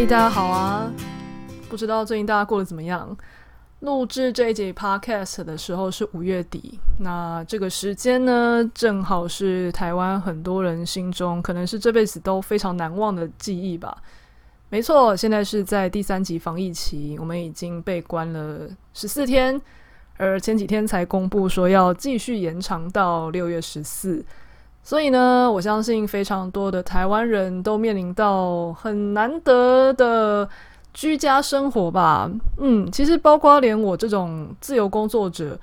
大家好啊！不知道最近大家過得怎麼樣？錄製這一集 podcast 的時候是五月底，那這個時間呢，正好是台灣很多人心中可能是這輩子都非常難忘的記憶吧。沒錯，現在是在第三級防疫期，我們已經被關了十四天，而前幾天才公布說要繼續延長到六月十四。所以呢，我相信非常多的台灣人都面臨到很難得的居家生活吧。嗯，其實包括連我這種自由工作者，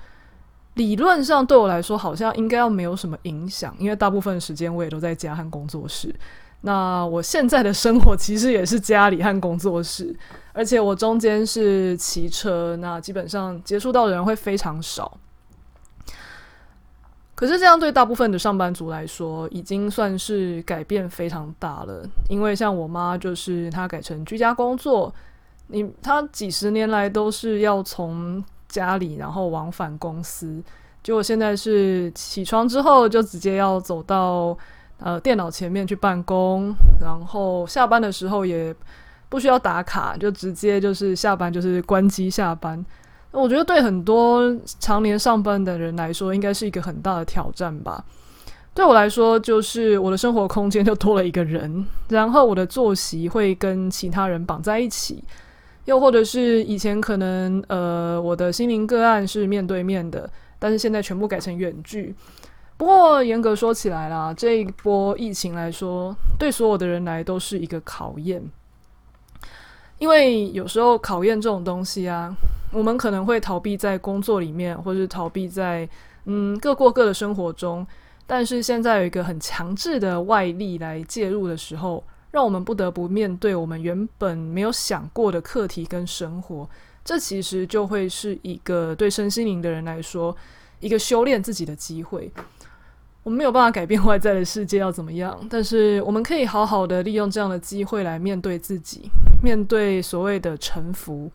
理論上對我來說好像應該要沒有什麼影響，因為大部分時間我也都在家和工作室。那我現在的生活其實也是家裡和工作室，而且我中間是騎車，那基本上接觸到的人會非常少。可是這樣對大部分的上班族來說，已經算是改變非常大了。因為像我媽，就是她改成居家工作，你她幾十年來都是要從家裡然後往返公司。結果現在是起床之後就直接要走到呃電腦前面去辦公，然後下班的時候也不需要打卡，就直接就是下班就是關機下班。我覺得對很多常年上班的人來說，應該是一個很大的挑戰吧。對我來說，就是我的生活空間就多了一個人，然後我的作息會跟其他人綁在一起，又或者是以前可能呃我的心靈個案是面對面的，但是現在全部改成遠距。不過嚴格說起來啦，這一波疫情來說，對所有的人來都是一個考驗，因為有時候考驗這種東西啊。我們可能會逃避在工作裡面，或者是逃避在嗯各過各的生活中。但是現在有一個很強制的外力來介入的時候，讓我們不得不面對我們原本沒有想過的課題跟生活。這其實就會是一個對身心靈的人來說，一個修煉自己的機會。我們沒有辦法改變外在的世界要怎麼樣，但是我們可以好好的利用這樣的機會來面對自己，面對所謂的臣服。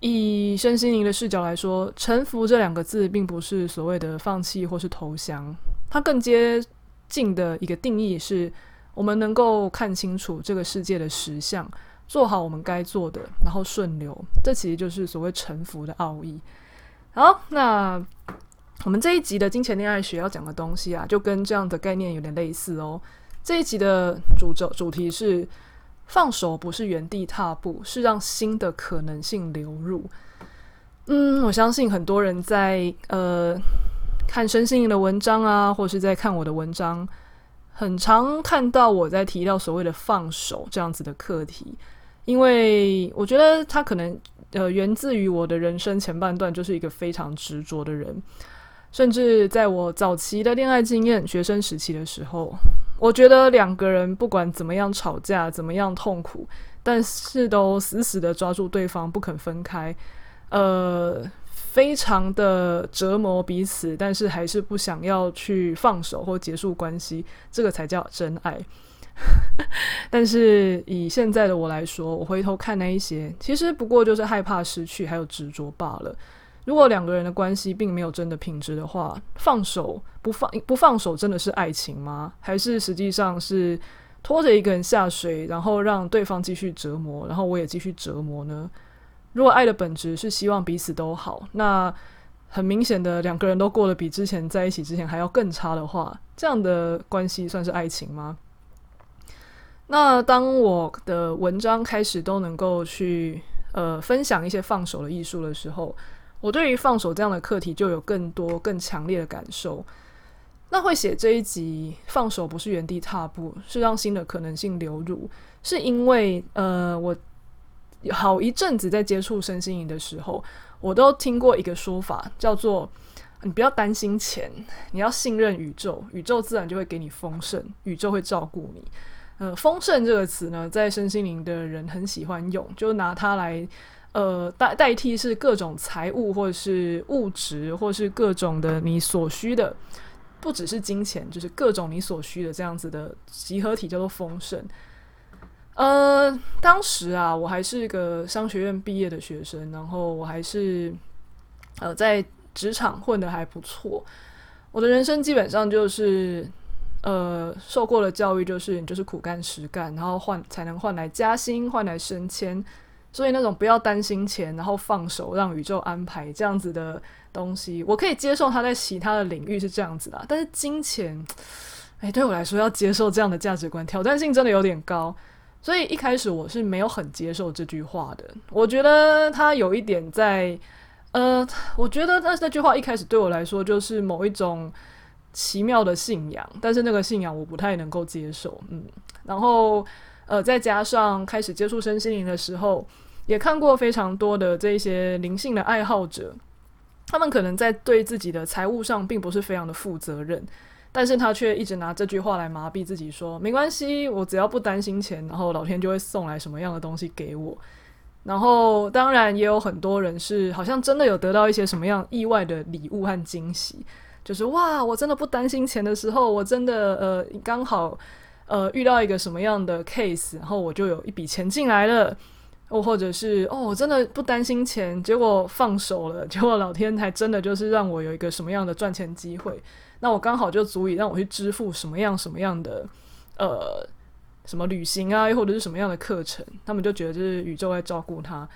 以身心靈的視角來說，「臣服」這兩個字，並不是所謂的放棄或是投降，它更接近的一個定義是，我們能夠看清楚這個世界的實相，做好我們該做的，然後順流，這其實就是所謂臣服的奧義。好，那我們這一集的金錢戀愛學要講的東西啊，就跟這樣的概念有點類似哦。這一集的主軸主題是。放手不是原地踏步，是讓新的可能性流入。嗯，我相信很多人在呃看身心靈的文章啊，或是在看我的文章，很常看到我在提到所謂的放手這樣子的課題，因為我覺得它可能呃源自於我的人生前半段就是一個非常執着的人，甚至在我早期的戀愛經驗、學生時期的時候。我覺得兩個人不管怎麼樣吵架，怎麼樣痛苦，但是都死死的抓住對方不肯分開，呃，非常的折磨彼此，但是還是不想要去放手或結束關係，這個才叫真愛。 但是以現在的我來說，我回頭看那一些，其實不過就是害怕失去，還有執着罷了。如果兩個人的關係並沒有真的品質的話，放手，不放，不放手真的是愛情嗎？還是實際上是拖着一個人下水，然後讓對方繼續折磨，然後我也繼續折磨呢？如果愛的本質是希望彼此都好，那很明顯的兩個人都過得比之前在一起之前還要更差的話，這樣的關係算是愛情嗎？那當我的文章開始都能夠去呃分享一些放手的藝術的時候。我對於放手這樣的課題就有更多更強烈的感受。那會寫這一集“放手不是原地踏步，是讓新的可能性流入”，是因為呃，我好一陣子在接觸身心靈的時候，我都聽過一個說法，叫做“你不要擔心錢，你要信任宇宙，宇宙自然就會給你豐盛，宇宙會照顧你。”呃，“豐盛”這個詞呢，在身心靈的人很喜歡用，就拿它來。呃，代代替是各種財務或者是物質，或是各種的你所需的，不只是金錢，就是各種你所需的這樣子的集合體叫做豐盛。呃，當時啊，我還是個商學院畢業的學生，然後我還是呃在職場混得還不錯。我的人生基本上就是，呃，受過了教育，就是你就是苦幹實幹，然後換才能換來加薪，換來升遷。所以那種不要擔心錢，然後放手讓宇宙安排這樣子的東西，我可以接受他在其他的領域是這樣子的，但是金錢，哎，對我來說要接受這樣的價值觀，挑戰性真的有點高。所以一開始我是沒有很接受這句話的。我覺得他有一點在，呃，我覺得那那句話一開始對我來說就是某一種奇妙的信仰，但是那個信仰我不太能夠接受。嗯，然後呃，再加上開始接觸身心靈的時候，也看過非常多的這些靈性的愛好者，他們可能在對自己的財務上並不是非常的負責任，但是他卻一直拿這句話來麻痹自己，說沒關係，我只要不擔心錢，然後老天就會送來什麼樣的東西給我。然後當然也有很多人是好像真的有得到一些什麼樣意外的禮物和驚喜，就是哇，我真的不擔心錢的時候，我真的呃剛好呃遇到一個什麼樣的 case，然後我就有一筆錢進來了。又或者是哦，我真的不擔心錢，結果放手了，結果老天才真的就是讓我有一個什麼樣的賺錢機會，那我剛好就足以讓我去支付什麼樣什麼樣的呃什麼旅行啊，又或者是什麼樣的課程，他們就覺得這是宇宙在照顧他，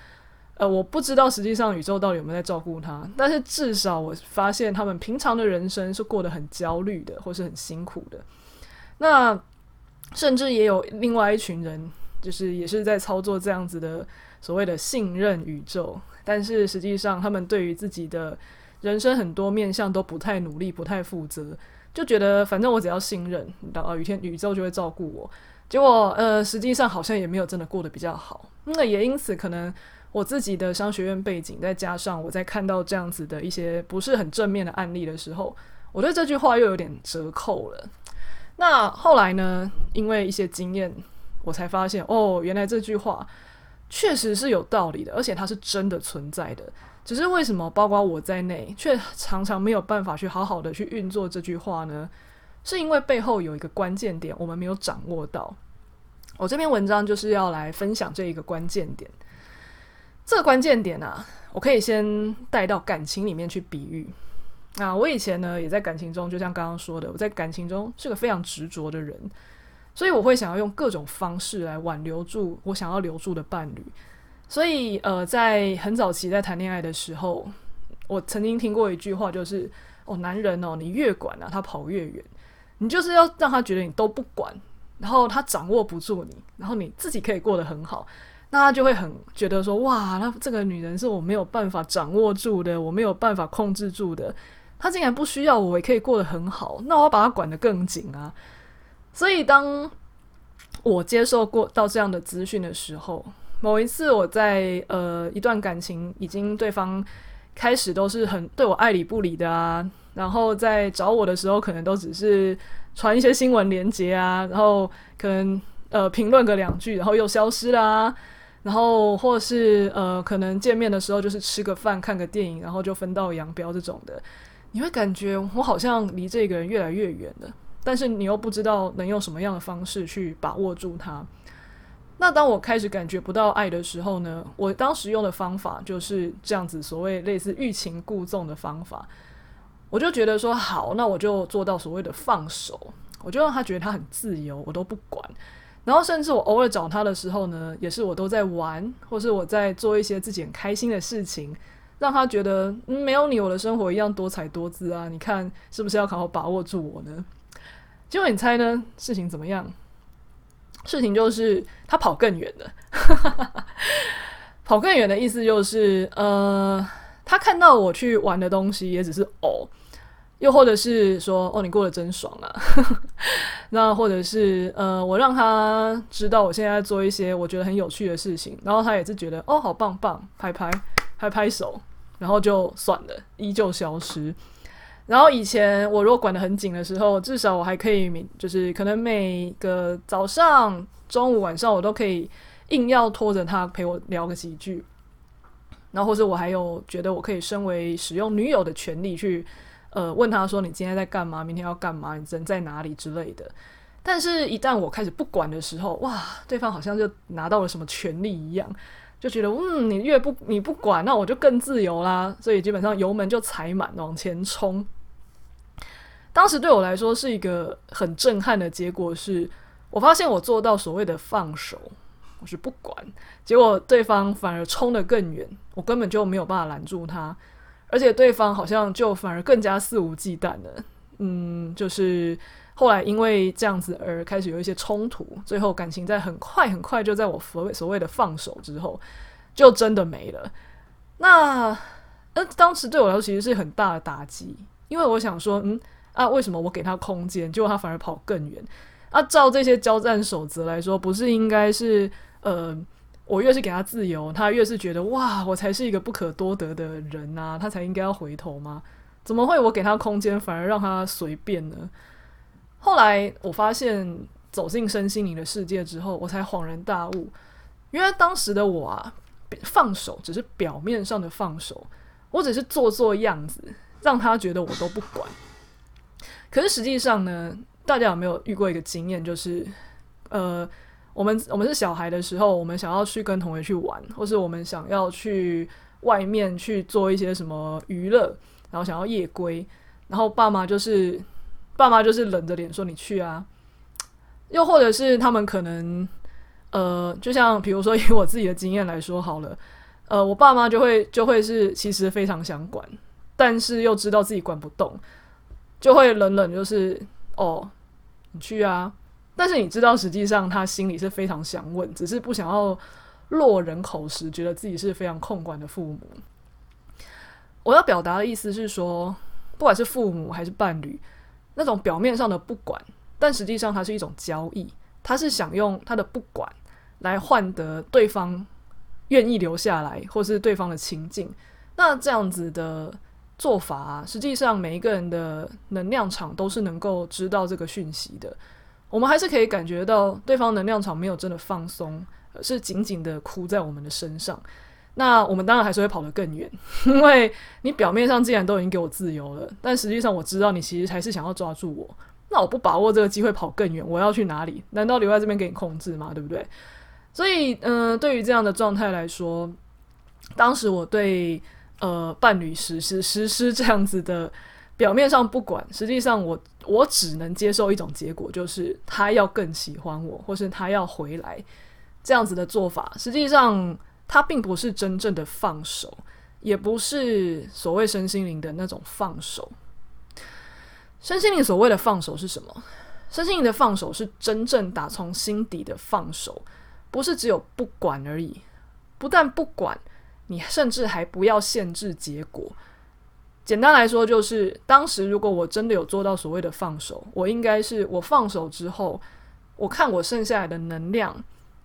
呃，我不知道實際上宇宙到底有沒有在照顧他，但是至少我發現他們平常的人生是過得很焦慮的，或是很辛苦的，那甚至也有另外一群人。就是也是在操作這樣子的所謂的信任宇宙，但是實際上他們對於自己的人生很多面向都不太努力、不太負責，就覺得反正我只要信任，有一天宇宙就會照顧我。結果呃，實際上好像也沒有真的過得比較好。那也因此，可能我自己的商學院背景，再加上我在看到這樣子的一些不是很正面的案例的時候，我對這句話又有點折扣了。那後來呢，因為一些經驗。我才發現哦，原來這句話確實是有道理的，而且它是真的存在的。只是為什麼包括我在內，卻常常沒有辦法去好好的去運作這句話呢？是因為背後有一個關鍵點，我們沒有掌握到。我這篇文章就是要來分享這一個關鍵點。這個關鍵點呢、啊，我可以先帶到感情裡面去比喻。啊，我以前呢，也在感情中，就像剛剛說的，我在感情中是個非常執着的人。所以我會想要用各種方式來挽留住我想要留住的伴侶。所以，呃，在很早期在談戀愛的時候，我曾經聽過一句話，就是哦，男人哦，你越管啊，他跑越遠。你就是要讓他覺得你都不管，然後他掌握不住你，然後你自己可以過得很好，那他就會很覺得說，哇，那這個女人是我沒有辦法掌握住的，我沒有辦法控制住的，他竟然不需要我，我也可以過得很好，那我要把他管得更緊啊。所以，當我接受過到這樣的資訊的時候，某一次我在呃一段感情已經對方開始都是很對我愛理不理的啊，然後在找我的時候，可能都只是傳一些新聞鏈接啊，然後可能呃評論個兩句，然後又消失啦啊。然後或是呃可能見面的時候就是吃個飯、看個電影，然後就分道揚鑣這種的，你會感覺我好像離這個人越來越遠了。但是你又不知道能用什麼樣的方式去把握住它。那當我開始感覺不到愛的時候呢？我當時用的方法就是這樣子，所謂類似欲擒故縱的方法。我就覺得說好，那我就做到所謂的放手，我就讓他覺得他很自由，我都不管。然後甚至我偶爾找他的時候呢，也是我都在玩，或是我在做一些自己很開心的事情，讓他覺得，嗯，沒有你，我的生活一樣多彩多姿啊！你看是不是要好好把握住我呢？結果你猜呢？事情怎麼樣？事情就是他跑更遠了， 跑更遠的意思就是，呃，他看到我去玩的東西也只是哦，又或者是說，哦，你過得真爽啊。 那或者是呃，我讓他知道我現在在做一些我覺得很有趣的事情，然後他也是覺得哦，好棒棒，拍拍，拍拍手，然後就算了，依舊消失。然後以前我如果管得很緊的時候，至少我還可以，就是可能每個早上、中午、晚上我都可以硬要拖着他陪我聊個幾句。然後或者我還有覺得我可以身為使用女友的權利去，呃，問他說你今天在幹嘛？明天要幹嘛？你人在哪裡之類的。但是，一旦我開始不管的時候，哇，對方好像就拿到了什麼權利一樣。就覺得，嗯，你越不你不管，那我就更自由啦。所以基本上油門就踩滿往前衝。當時對我來說是一個很震撼的結果是，是我發現我做到所謂的放手，我是不管，結果對方反而衝得更遠，我根本就沒有辦法攔住他，而且對方好像就反而更加肆無忌憚了。嗯，就是。後來因為這樣子而開始有一些衝突，最後感情在很快很快就在我所所謂的放手之後，就真的沒了。那那，呃，當時對我來說其實是很大的打擊，因為我想說，嗯啊，為什麼我給他空間，結果他反而跑更遠？啊，照這些交戰守則來說，不是應該是呃，我越是給他自由，他越是覺得哇，我才是一個不可多得的人吶，啊，他才應該要回頭嗎？怎麼會我給他空間，反而讓他隨便呢？後來我發現走進身心靈的世界之後，我才恍然大悟。因為當時的我啊，放手只是表面上的放手，我只是做做樣子，讓他覺得我都不管。可是實際上呢，大家有沒有遇過一個經驗？就是呃，我們我們是小孩的時候，我們想要去跟同學去玩，或是我們想要去外面去做一些什麼娛樂，然後想要夜歸，然後爸媽就是。爸媽就是冷着臉說，你去啊，又或者是他們可能，呃，就像比如說以我自己的經驗來說好了，呃，我爸媽就會就會是其實非常想管，但是又知道自己管不動，就會冷冷就是哦你去啊，但是你知道實際上他心裡是非常想問，只是不想要落人口實，覺得自己是非常控管的父母。我要表達的意思是說，不管是父母還是伴侶。那種表面上的不管，但實際上它是一種交易。他是想用他的不管來換得對方願意留下來，或是對方的親近。那這樣子的做法啊，實際上每一個人的能量場都是能夠知道這個訊息的。我們還是可以感覺到對方能量場沒有真的放鬆，而是緊緊地箍在我們的身上。那我們當然還是會跑得更遠，因為你表面上既然都已經給我自由了，但實際上我知道你其實還是想要抓住我。那我不把握這個機會跑更遠，我要去哪裡？難道留在這邊給你控制嗎？對不對？所以，嗯、呃，對於這樣的狀態來說，當時我對呃伴侶實施實施這樣子的表面上不管，實際上我我只能接受一種結果，就是他要更喜歡我，或是他要回來。這樣子的做法，實際上。他並不是真正的放手，也不是所謂身心靈的那種放手。身心靈所謂的放手是什麼？身心靈的放手是真正打從心底的放手，不是只有不管而已。不但不管，你甚至還不要限制結果。簡單來說，就是當時如果我真的有做到所謂的放手，我應該是我放手之後，我看我剩下來的能量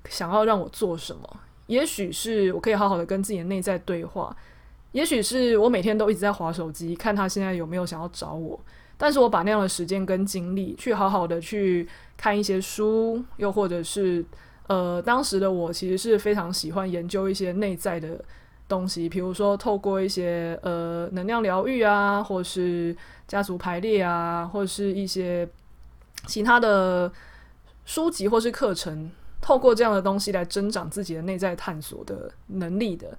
想要讓我做什麼。也許是我可以好好的跟自己的內在對話，也許是我每天都一直在滑手機，看他現在有沒有想要找我。但是我把那樣的時間跟精力去好好的去看一些書，又或者是呃，當時的我其實是非常喜歡研究一些內在的東西，比如說透過一些呃能量療癒啊，或是家族排列啊，或是一些其他的書籍或是課程。透過這樣的東西來增長自己的內在探索的能力的。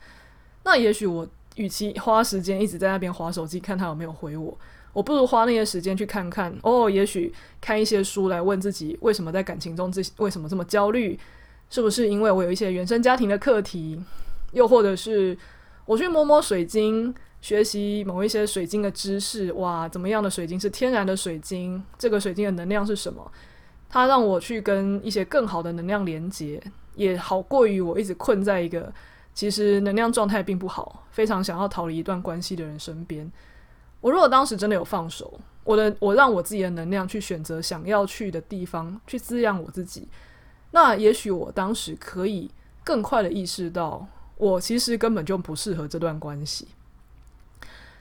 那也許我與其花時間一直在那邊滑手機看他有沒有回我，我不如花那些時間去看看哦，也許看一些書，來問自己為什麼在感情中自己為什麼這麼焦慮，是不是因為我有一些原生家庭的課題？又或者是我去摸摸水晶，學習某一些水晶的知識，哇，怎麼樣的水晶是天然的水晶？這個水晶的能量是什麼？它讓我去跟一些更好的能量連接，也好過於我一直困在一個其實能量狀態並不好，非常想要逃離一段關係的人身邊。我如果當時真的有放手，我的我讓我自己的能量去選擇想要去的地方，去滋養我自己，那也許我當時可以更快的意識到，我其實根本就不適合這段關係。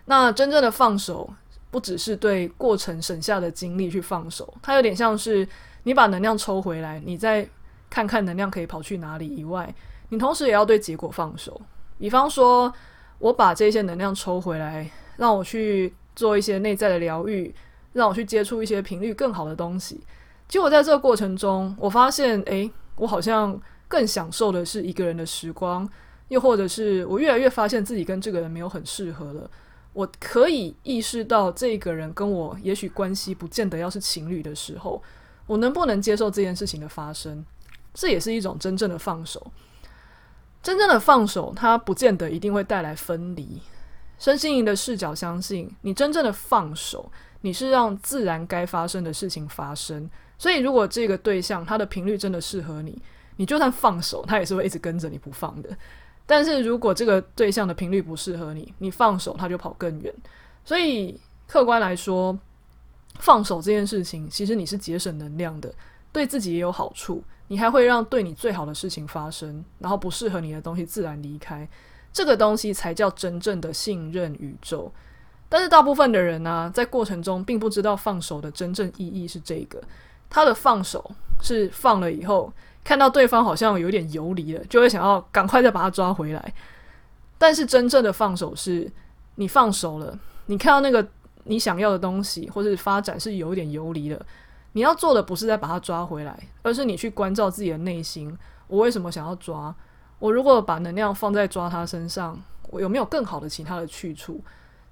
那真正的放手，不只是對過程省下的精力去放手，它有點像是。你把能量抽回來，你再看看能量可以跑去哪裡以外，你同時也要對結果放手。比方說，我把這些能量抽回來，讓我去做一些內在的療癒，讓我去接觸一些頻率更好的東西。結果在這個過程中，我發現，誒，我好像更享受的是一個人的時光，又或者是我越來越發現自己跟這個人沒有很適合了。我可以意識到，這個人跟我也許關係不見得要是情侶的時候。我能不能接受這件事情的發生？這也是一種真正的放手。真正的放手，它不見得一定會帶來分離。身心靈的視角相信，你真正的放手，你是讓自然該發生的事情發生。所以，如果這個對象它的頻率真的適合你，你就算放手，它也是會一直跟着你不放的。但是如果這個對象的頻率不適合你，你放手，它就跑更遠。所以，客觀來說，放手這件事情，其實你是節省能量的，對自己也有好處。你還會讓對你最好的事情發生，然後不適合你的東西自然離開。這個東西才叫真正的信任宇宙。但是大部分的人呢，在過程中並不知道放手的真正意義是這個。他的放手是放了以後，看到對方好像有點游離了，就會想要趕快再把他抓回來。但是真正的放手是你放手了，你看到那個。你想要的東西或是發展是有一點游離的，你要做的不是再把它抓回來，而是你去關照自己的內心。我為什麼想要抓？我如果把能量放在抓他身上，我有沒有更好的其他的去處？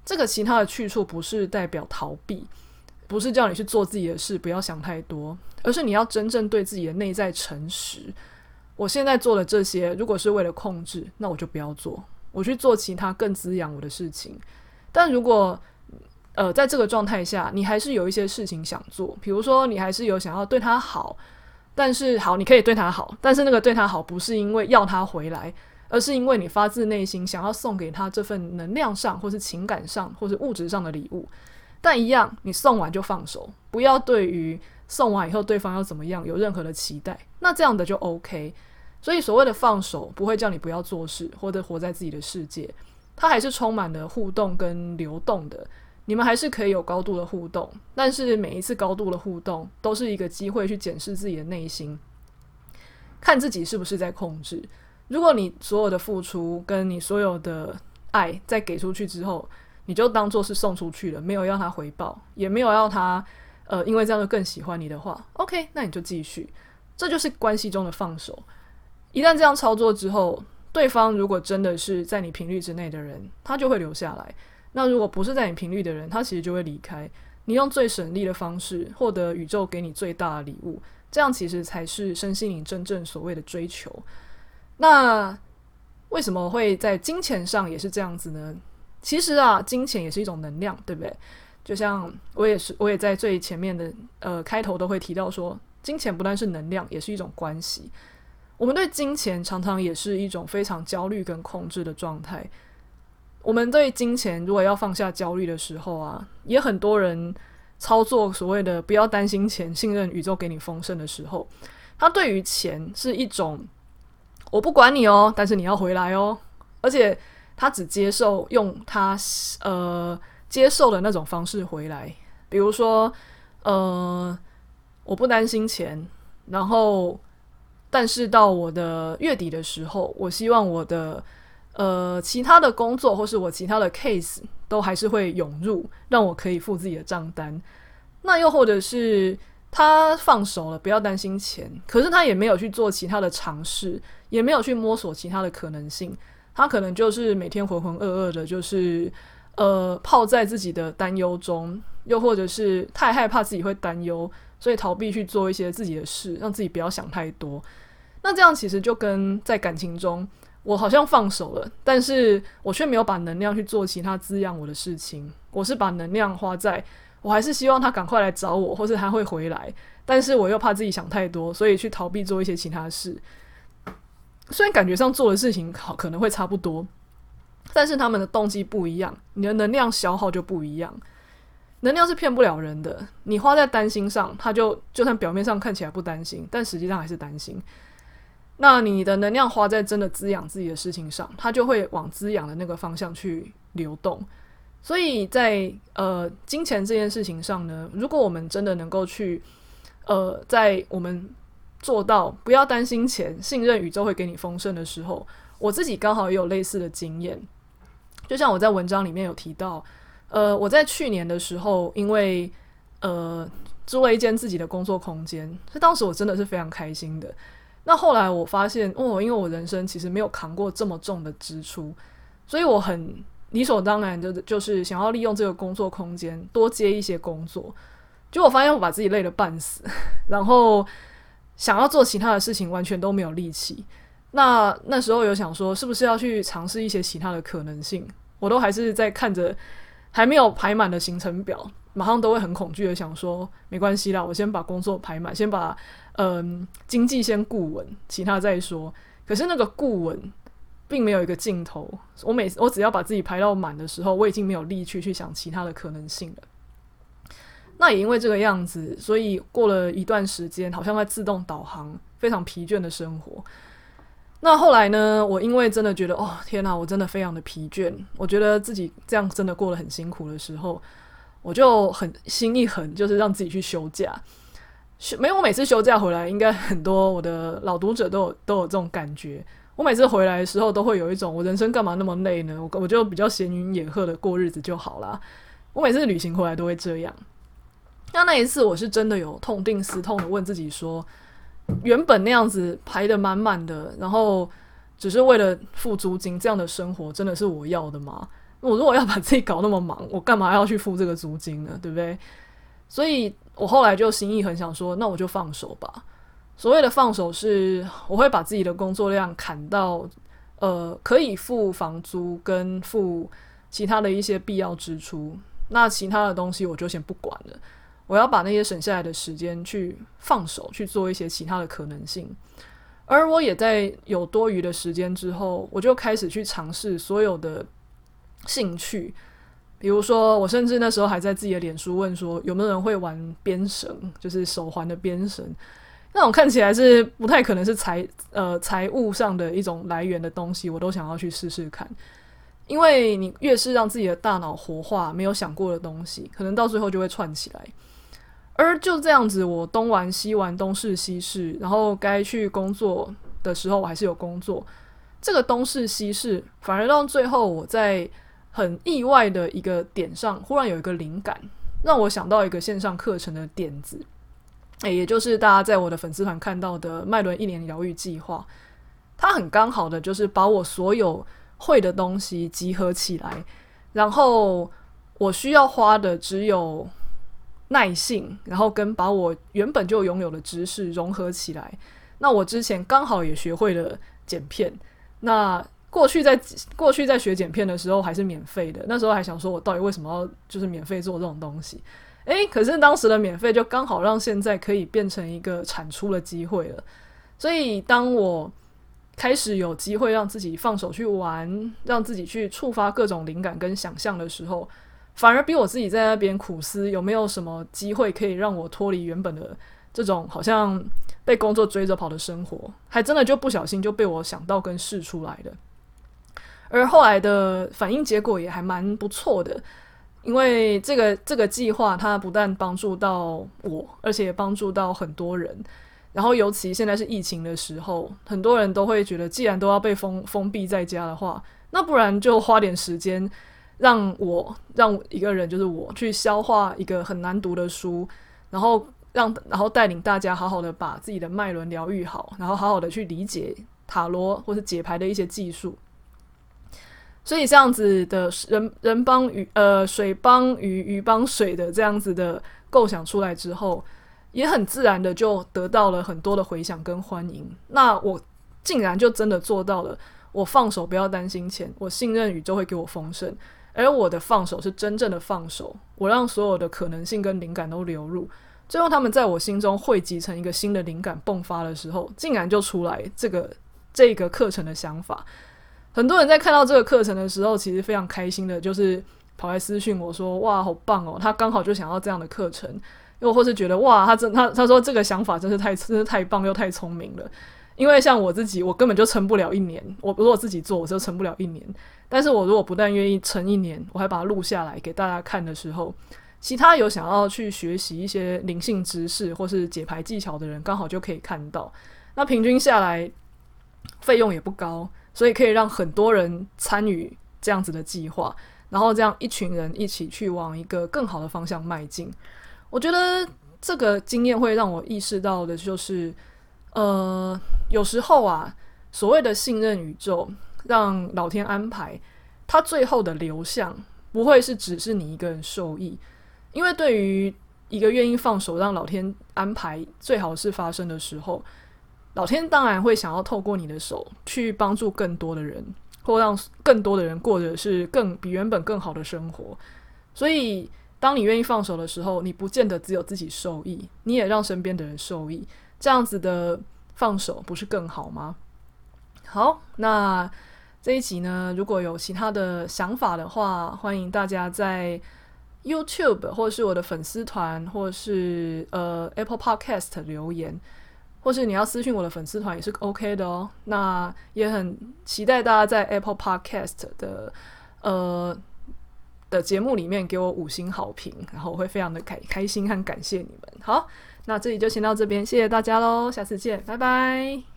這個其他的去處不是代表逃避，不是叫你去做自己的事，不要想太多，而是你要真正對自己的內在誠實。我現在做的這些，如果是為了控制，那我就不要做，我去做其他更滋養我的事情。但如果呃，在這個狀態下，你還是有一些事情想做，比如說你還是有想要對他好，但是好，你可以對他好，但是那個對他好不是因為要他回來，而是因為你發自內心想要送給他這份能量上，或是情感上，或是物質上的禮物。但一樣，你送完就放手，不要對於送完以後對方要怎麼樣有任何的期待。那這樣的就 OK。所以所謂的放手，不會叫你不要做事，或者活在自己的世界，它還是充滿了互動跟流動的。你們還是可以有高度的互動，但是每一次高度的互動都是一個機會去檢視自己的內心，看自己是不是在控制。如果你所有的付出跟你所有的愛在給出去之後，你就當做是送出去了，沒有要他回報，也沒有要他呃，因為這樣就更喜歡你的話，OK，那你就繼續。這就是關係中的放手。一旦這樣操作之後，對方如果真的是在你頻率之內的人，他就會留下來。那如果不是在你頻率的人，他其實就會離開。你用最省力的方式獲得宇宙給你最大的禮物，這樣其實才是身心靈真正所謂的追求。那為什麼會在金錢上也是這樣子呢？其實啊，金錢也是一種能量，對不對？就像我也是，我也在最前面的呃開頭都會提到說，金錢不但是能量，也是一種關係。我們對金錢常常也是一種非常焦慮跟控制的狀態。我們對金錢，如果要放下焦慮的時候啊，也很多人操作所謂的“不要擔心錢，信任宇宙給你豐盛”的時候，他對於錢是一種“我不管你哦，但是你要回來哦”，而且他只接受用他呃接受的那種方式回來，比如說呃，我不擔心錢，然後但是到我的月底的時候，我希望我的。呃，其他的工作或是我其他的 case 都還是會湧入，讓我可以付自己的賬單。那又或者是他放手了，不要擔心錢，可是他也沒有去做其他的嘗試，也沒有去摸索其他的可能性。他可能就是每天渾渾噩噩的，就是呃，泡在自己的擔憂中，又或者是太害怕自己會擔憂，所以逃避去做一些自己的事，讓自己不要想太多。那這樣其實就跟在感情中。我好像放手了，但是我卻沒有把能量去做其他滋養我的事情。我是把能量花在，我還是希望他趕快來找我，或是他會回來。但是我又怕自己想太多，所以去逃避做一些其他的事。雖然感覺上做的事情好可能會差不多，但是他們的動機不一樣，你的能量消耗就不一樣。能量是騙不了人的，你花在擔心上，他就就算表面上看起來不擔心，但實際上還是擔心。那你的能量花在真的滋養自己的事情上，它就會往滋養的那個方向去流動。所以在呃金錢這件事情上呢，如果我們真的能夠去呃在我們做到不要擔心錢，信任宇宙會給你豐盛的時候，我自己剛好也有類似的經驗。就像我在文章裡面有提到，呃，我在去年的時候，因為呃租了一間自己的工作空間，是當時我真的是非常開心的。那後來我發現，哦，因為我人生其實沒有扛過這麼重的支出，所以我很理所當然就就是想要利用這個工作空間多接一些工作，結果發現我把自己累得半死，然後想要做其他的事情完全都沒有力氣。那那時候有想說，是不是要去嘗試一些其他的可能性？我都還是在看着。還沒有排滿的行程表，馬上都會很恐懼的想說，沒關係啦，我先把工作排滿，先把嗯經濟先顧穩，其他再說。可是那個顧穩並沒有一個盡頭，我每次我只要把自己排到滿的時候，我已經沒有力氣去，去想其他的可能性了。那也因為這個樣子，所以過了一段時間，好像在自動導航，非常疲倦的生活。那後來呢？我因為真的覺得，哦天哪！我真的非常的疲倦，我覺得自己這樣真的過得很辛苦的時候，我就很心一狠，就是讓自己去休假休。沒，我每次休假回來，應該很多我的老讀者都有都有這種感覺。我每次回來的時候，都會有一種我人生幹嘛那麼累呢？我我就比較閒雲野鶴的過日子就好啦。我每次旅行回來都會這樣。那那一次，我是真的有痛定思痛的問自己說。原本那樣子排得滿滿的，然後只是為了付租金，這樣的生活真的是我要的嗎？我如果要把自己搞那麼忙，我幹嘛要去付這個租金呢？對不對？所以我後來就心意很想說，那我就放手吧。所謂的放手是，我會把自己的工作量砍到，呃，可以付房租跟付其他的一些必要支出，那其他的東西我就先不管了。我要把那些省下來的時間去放手去做一些其他的可能性，而我也在有多餘的時間之後，我就開始去嘗試所有的興趣，比如說，我甚至那時候還在自己的臉書問說，有沒有人會玩編繩，就是手環的編繩，那種看起來是不太可能是財呃財務上的一種來源的東西，我都想要去試試看，因為你越是讓自己的大腦活化，沒有想過的東西，可能到最後就會串起來。而就這樣子，我東玩西玩，東試西試，然後該去工作的時候，我還是有工作。這個東試西試，反而到最後，我在很意外的一個點上，忽然有一個靈感，讓我想到一個線上課程的點子。誒、欸，也就是大家在我的粉絲團看到的脈輪一年療癒計劃，它很剛好的就是把我所有會的東西集合起來，然後我需要花的只有。耐性，然後跟把我原本就擁有的知識融合起來。那我之前剛好也學會了剪片。那過去在過去在學剪片的時候還是免費的，那時候還想說，我到底為什麼要就是免費做這種東西？誒，可是當時的免費就剛好讓現在可以變成一個產出的機會了。所以當我開始有機會讓自己放手去玩，讓自己去觸發各種靈感跟想象的時候。反而比我自己在那邊苦思有沒有什麼機會可以讓我脫離原本的這種好像被工作追着跑的生活，還真的就不小心就被我想到跟試出來了。而後來的反應結果也還蠻不錯的，因為這個這個計劃它不但幫助到我，而且也幫助到很多人。然後尤其現在是疫情的時候，很多人都會覺得，既然都要被封封閉在家的話，那不然就花點時間。讓我讓一個人就是我去消化一個很難讀的書，然後讓然後帶領大家好好的把自己的脈輪療癒好，然後好好的去理解塔羅或是解牌的一些技術。所以這樣子的人人幫魚呃水幫魚魚幫水的這樣子的構想出來之後，也很自然的就得到了很多的回響跟歡迎。那我竟然就真的做到了，我放手不要擔心錢，我信任宇宙會給我豐盛。而我的放手是真正的放手，我讓所有的可能性跟靈感都流入，最後他們在我心中匯集成一個新的靈感迸發的時候，竟然就出來這個這個課程的想法。很多人在看到這個課程的時候，其實非常開心的，就是跑來私訊我說：“哇，好棒哦，他剛好就想要這樣的課程。”又或是覺得：“哇，他真他他說這個想法真是太真是太棒又太聰明了。”因為像我自己，我根本就撐不了一年。我如果自己做，我就撐不了一年。但是我如果不但願意撐一年，我還把它錄下來給大家看的時候，其他有想要去學習一些靈性知識或是解牌技巧的人，剛好就可以看到。那平均下來，費用也不高，所以可以讓很多人參與這樣子的計劃，然後這樣一群人一起去往一個更好的方向邁進。我覺得這個經驗會讓我意識到的就是，呃，有時候啊，所謂的信任宇宙，讓老天安排，它最後的流向不會是只是你一個人受益，因為對於一個願意放手讓老天安排最好事發生的時候，老天當然會想要透過你的手去幫助更多的人，或讓更多的人過着是更比原本更好的生活，所以當你願意放手的時候，你不見得只有自己受益，你也讓身邊的人受益。這樣子的放手不是更好嗎？好，那這一集呢，如果有其他的想法的話，歡迎大家在 YouTube 或是我的粉絲團，或是呃 Apple Podcast 留言，或是你要私訊我的粉絲團也是 OK 的哦。那也很期待大家在 Apple Podcast 的呃的節目裡面給我五星好評，然後我會非常的開開心和感謝你們。好。那這裡就先到這邊，謝謝大家嘍，下次見，拜拜。